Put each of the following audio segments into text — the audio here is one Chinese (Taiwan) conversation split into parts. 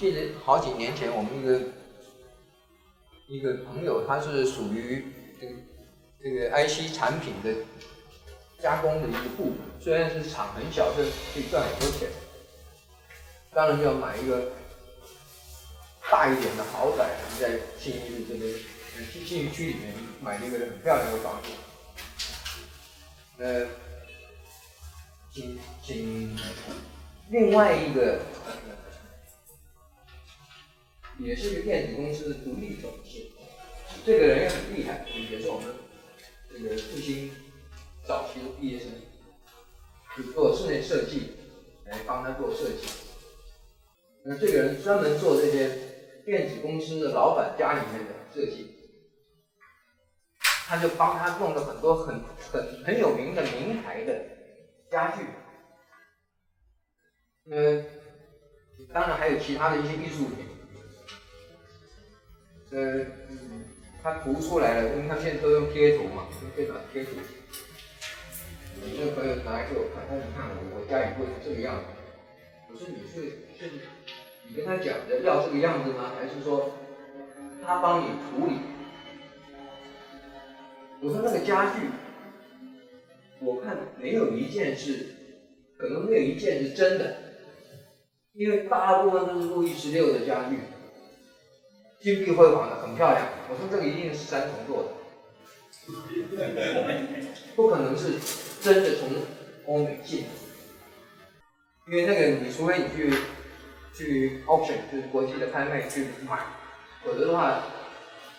其實好幾年前，我們一個一個朋友，他是屬於這個這個 IC 產品的加工的一個部門，雖然是廠很小，但是可以賺很多錢。當然就要買一個大一點的豪宅，在這的這個信義區裡面買了一個很漂亮的房子。那請請另外一個。也是電子公司的獨立董事，這個人也很厲害，也是我們這個復興早期的畢業生，去做室內設計，來幫他做設計。那、嗯、這個人專門做這些電子公司的老闆家裡面的設計，他就幫他弄了很多很很很有名的名牌的家具。嗯，當然還有其他的一些藝術品。呃，他、嗯、塗出來了，因為他現在都用貼圖嘛，用電腦貼圖。我那個朋友拿來給我看，他說，你看我家裡會是這個樣子。我說你是、就是你跟他講的要這個樣子嗎？還是說他幫你處理？我說那個家具，我看沒有一件是，可能沒有一件是真的，因為大部分都是路易十六的家具。金碧輝煌的，很漂亮。我說這個一定是三重做的，嗯、不可能，是真的從歐美進。因為那個你除非你去去 option，就是國際的拍賣去買，否則的話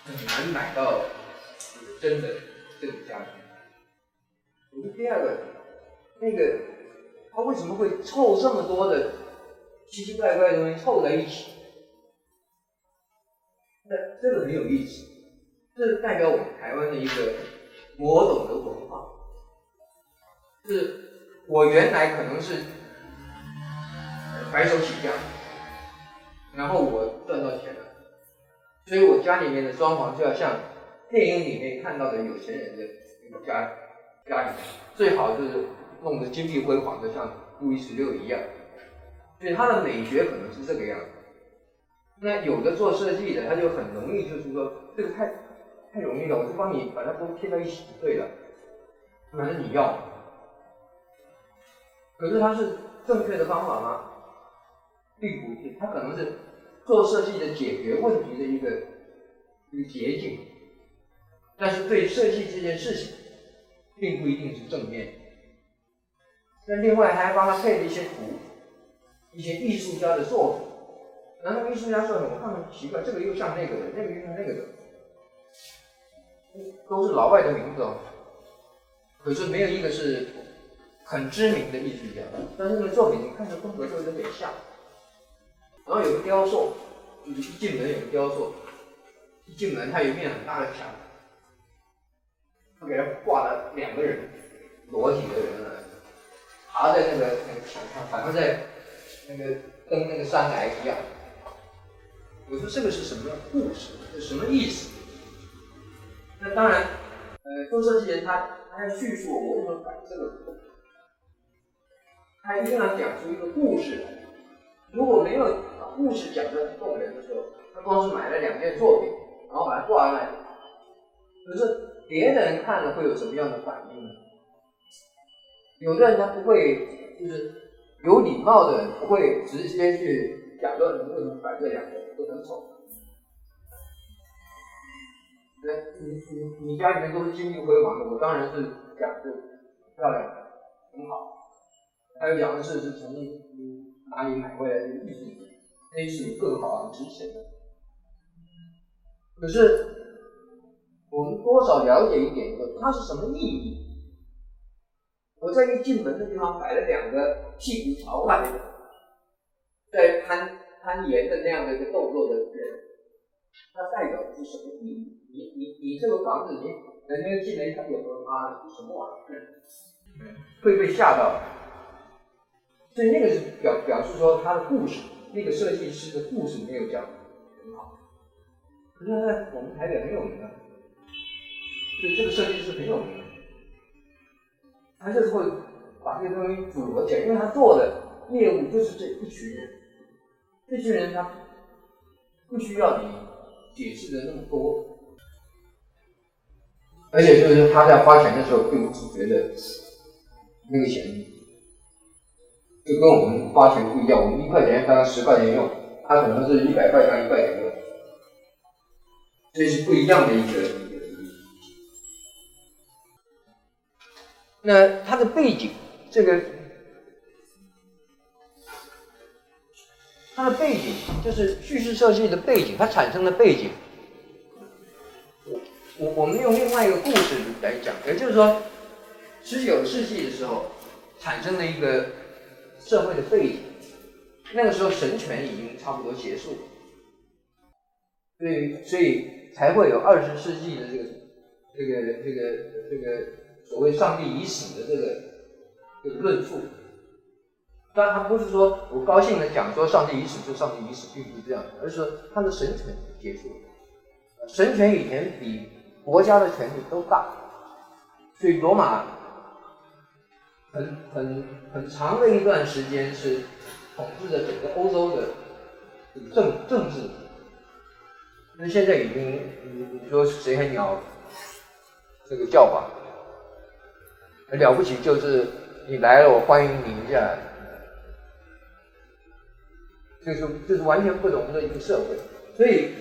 很難買到真的這個家具。我說第二個，那個他為什麼會湊這麼多的奇奇怪怪的東西湊在一起？這個很有意思，這代表我們台灣的一個某種的文化，是我原來可能是白手起家，然後我賺到錢了，所以我家裡面的裝潢就要像電影裡面看到的有錢人的那個家家，家裡面最好就是弄得金碧輝煌的，像路易十六一樣，所以它的美學可能是這個樣子。那有的做設計的，他就很容易，就是說這個太太容易了，我就幫你把它都貼到一起就對了，反正你要。可是它是正確的方法嗎？並不一定，它可能是做設計的解決問題的一個一個捷徑，但是對設計這件事情並不一定是正面。那另外他還幫他配了一些圖，一些藝術家的作品。然後藝術家說：“我們看着奇怪，這個又像那個的，那個又像那個的，都是老外的名字哦。可是沒有一個是很知名的藝術家。但是那個作品，你看着風格就有點像。然後有個雕塑，一進門有個雕塑，一進門它有一面很大的牆，他給他掛了兩個人裸體的人來，爬在那個那個牆上，反正在那個登那個山崖一樣。”我說，這個是什麼故事？是什麼意思？那當然，呃，做設計人他他要敘述我，我如何把這個，他一定要講出一個故事來。如果沒有把、啊、故事講的動人的時候，他光是買了兩件作品，然後把它掛在那裡，可是別人看了會有什麼樣的反應呢？有的人他不會，就是有禮貌的，不會直接去。假個人為什麼擺這兩個人都很醜？對你你你家裡面都是金碧輝煌的，我當然是假的，漂亮很好。還有兩個是是從哪裡買回來的藝術品，那是更好、更值錢。可是我們多少了解一點，它是什麼意義？我在一進門的地方擺了兩個屁股朝外的。在攀攀岩的那樣的一個動作的人，它代表的是什麼意義？你你你，你這個房子，你人家進來他、啊，有什麼啊什麼玩意兒？會被嚇到。所以那個是表表示說他的故事，那個設計師的故事，沒有講很好，嗯。可是在我們台北很有名啊，所以這個設計師很有名，他就是會把這些東西組合起來，因為他做的業務就是這一群人。這些人他不需要你解釋的那麼多，而且就是他在花錢的時候，並不覺得那個錢就跟我們花錢不一樣，我們一塊錢當十塊錢用，他可能是一百塊當一塊錢用，這是不一樣的一個。那他的背景，這個。它的背景就是敘事設計的背景，它產生的背景。我我我們用另外一個故事來講，也就是說，十九世紀的時候產生了一個社會的背景，那個時候神權已經差不多結束了，所以所以才會有二十世紀的這個這個這個這個、這個、所謂“上帝已死”的這個這個論述。但他不是說我高興地講說上帝已死，就上帝已死，並不是這樣的，而是說他的神權結束了。神權以前比國家的權力都大，所以羅馬很很很長的一段時間是統治着整個歐洲的政政治。那現在已經，你你說誰還鳥這個教皇？了不起就是你來了，我歡迎你一下來。就是就是完全不同的一個社會，所以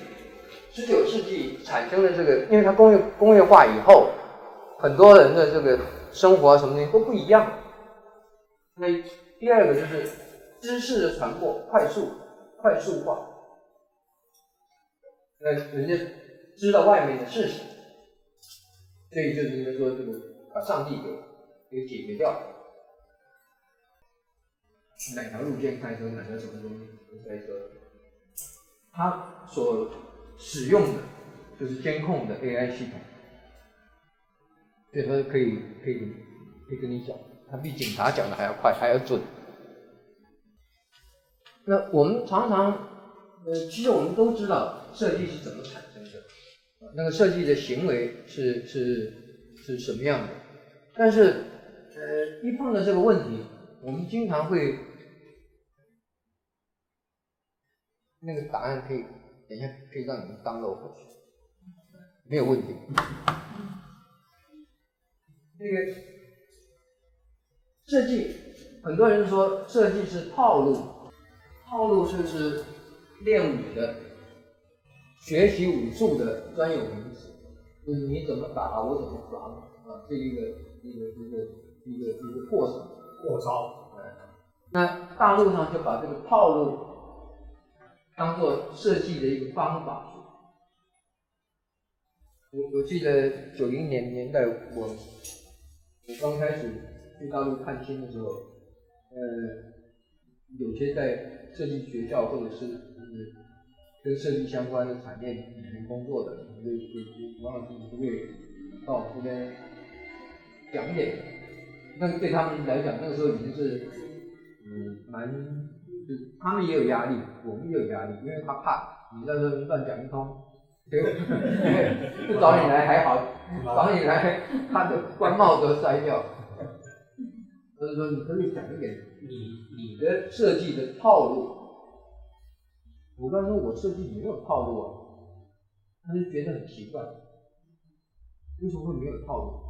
十九世紀產生了這個，因為它工業工業化以後，很多人的這個生活啊什麼東西都不一樣。那第二個就是知識的傳播快速快速化，那人家知道外面的事情，所以就，就是應該說這個把上帝給給解決掉。哪條路線開車，哪條什麼東西建說，他所使用的就是監控的 AI 系統，所以說可以可以可以跟你講，他比警察講得還要快，還要準。那我們常常，呃，其實我們都知道設計是怎麼產生的，那個設計的行為是是是什麼樣的，但是，呃，一碰到這個問題，我們經常會。那個答案可以，等一下可以讓你們 download 過去，沒有問題。那個設計，很多人說設計是套路，套路就是練武的、學習武術的專有名詞，就是你怎麼打，我怎麼防啊，這個是一個、一個、一個、一個、一個過程，過招。那大陸上就把這個套路。當做設計的一個方法。我我記得九零年年代，我剛開始去大陸探親的時候，呃，有些在設計學校或者是，就是跟設計相關的產業裡面工作的，就就往往就，就不會到我這邊講一點。那對他們來講，那個時候已經是嗯蠻。他們也有壓力，我們也有壓力，因為他怕你在這亂講一通，就、哎、找、哎、你來還好，找你來他的官帽都摘掉。所以說，你可以講一點你你的設計的套路。我剛說我設計沒有套路啊，他就覺得很奇怪，為什麼會沒有套路？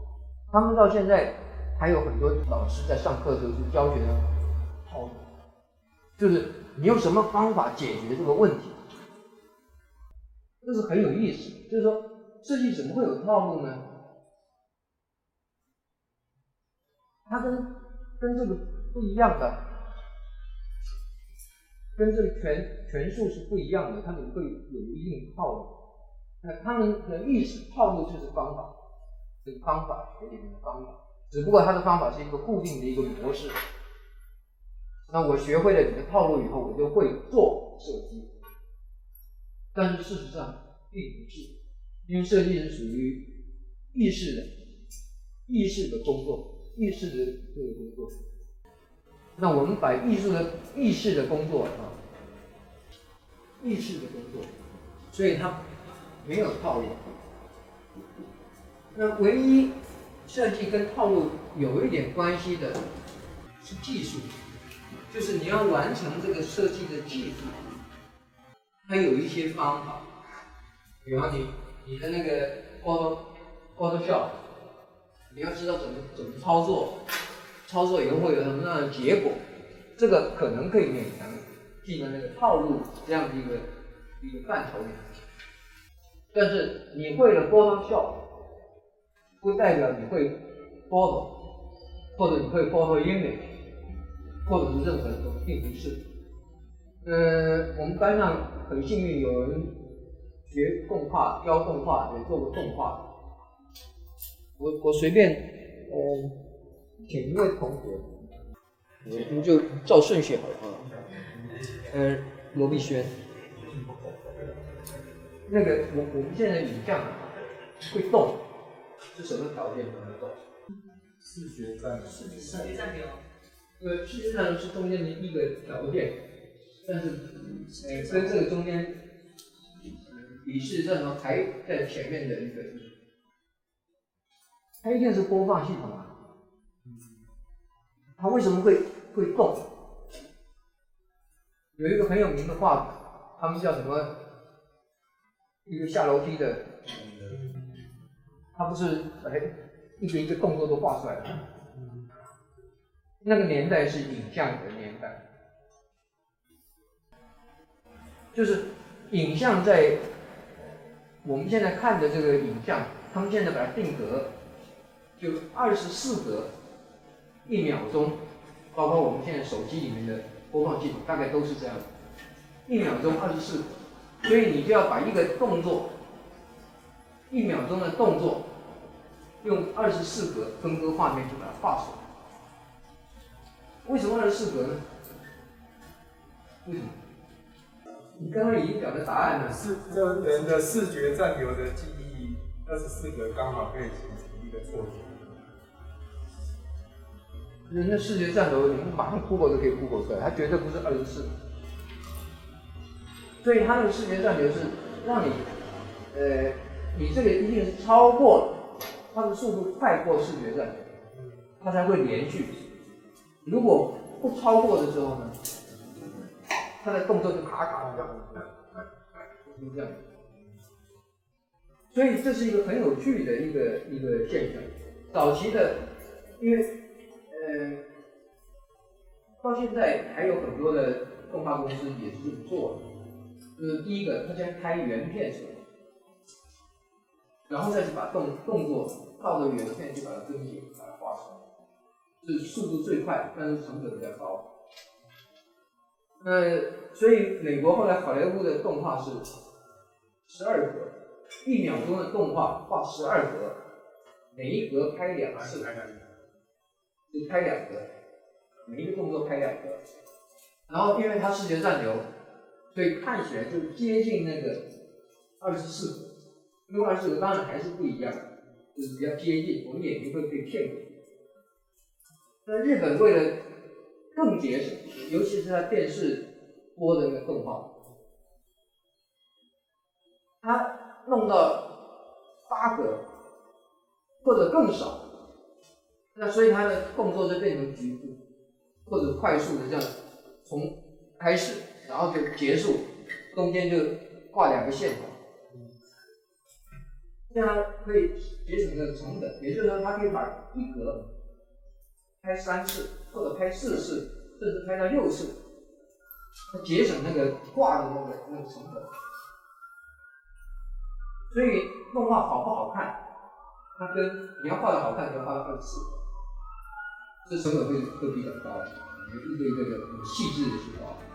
他們到現在還有很多老師在上課的時候是教學呢。就是你用什麼方法解決這個問題？這是很有意思。就是說，設計怎麼會有套路呢？它跟跟這個不一樣的，跟這個拳拳術是不一樣的。他們會有一定的套路，那他們的意識套路就是方法，這個方法學裡面的方法，只不過他的方法是一個固定的一個模式。那我學會了你的套路以後，我就會做設計。但是事實上並不是，因為設計是屬於意識的、意識的工作、意識的這個工作。那我們把藝術的、意識的工作啊，意識的工作，所以它沒有套路。那唯一設計跟套路有一點關係的是技術。就是你要完成這個設計的技術，它有一些方法，比方你你的那個 Photo Photoshop，你要知道怎麼怎麼操作，操作以後會有什麼樣的結果，嗯、這個可能可以勉強進、嗯、入那個套路這樣的一個、嗯、一個範疇裡面。但是你會了 Photoshop，不代表你會 Photoshop，或者你會 Photoshop 英美，或者是任何一種任何嗯，我們班上很幸運，有人學動畫、教動畫，也做過動畫。我我隨便，嗯、呃，請一位同學，你、嗯、們就照順序好了。嗯，羅碧軒。那個，我我們現在影像會動，是什麼條件才能動？視覺暫視覺暫留。呃，其實呢，是中間的一個條件，但是，呃，跟這個中間比，是什麼，排在前面的一個。它一定是播放系統啊，它為什麼會會動？有一個很有名的畫，他們是叫什麼？一個下樓梯的，他不是哎，一個一個動作都畫出來了。那個年代是影像的年代，就是影像在我們現在看的這個影像，他們現在把它定格，就二十四格一秒鐘，包括我們現在手機裡面的播放系統，大概都是這樣，一秒鐘二十四，所以你就要把一個動作一秒鐘的動作用二十四格分割畫面，就把它畫出來。為什麼二十四格呢？為什麼？你剛剛已經表了答案了。是人的視覺暫留的記憶，二十四格剛好可以形成一個錯覺。人的視覺暫留，你馬上 Google 就可以 Google 出來，它絕對不是二十四格。所以它的視覺暫留是讓你，呃，你這個一定是超過它的速度，快過視覺暫留，它才會連續。如果不超過的時候呢，它的動作就卡卡的這樣，就這樣子。所以這是一個很有趣的一個一個現象。早期的，因為嗯、呃，到現在還有很多的動畫公司也是這麼做的。就、呃、是第一個，他先拍原片出來，然後再去把動動作套着原片去把它分解、把它畫出來。是速度最快，但是成本比較高。那、呃、所以美國後來好萊塢的動畫是十二格，一秒鐘的動畫畫十二格，每一格拍兩次， 就拍兩格，每一個動作拍兩格。然後因為它視覺暫留，所以看起來就接近那個二十四格，因為二十四格當然還是不一樣，就是比較接近，我們眼睛會被騙過。那日本為了更節省，尤其是他電視播的那個動畫，他弄到八格或者更少，那所以他的動作就變成局部或者快速的這樣從開始，然後就結束，中間就掛兩個線條，這樣可以節省的成本，也就是說他可以把一格。拍三次或者拍四次，甚至拍到六次，它節省那個畫的那個那個成本。所以，動畫好不好看，它跟你要畫的好看就要畫到六次，這成本會會比較高，一個一個的很細緻的去畫。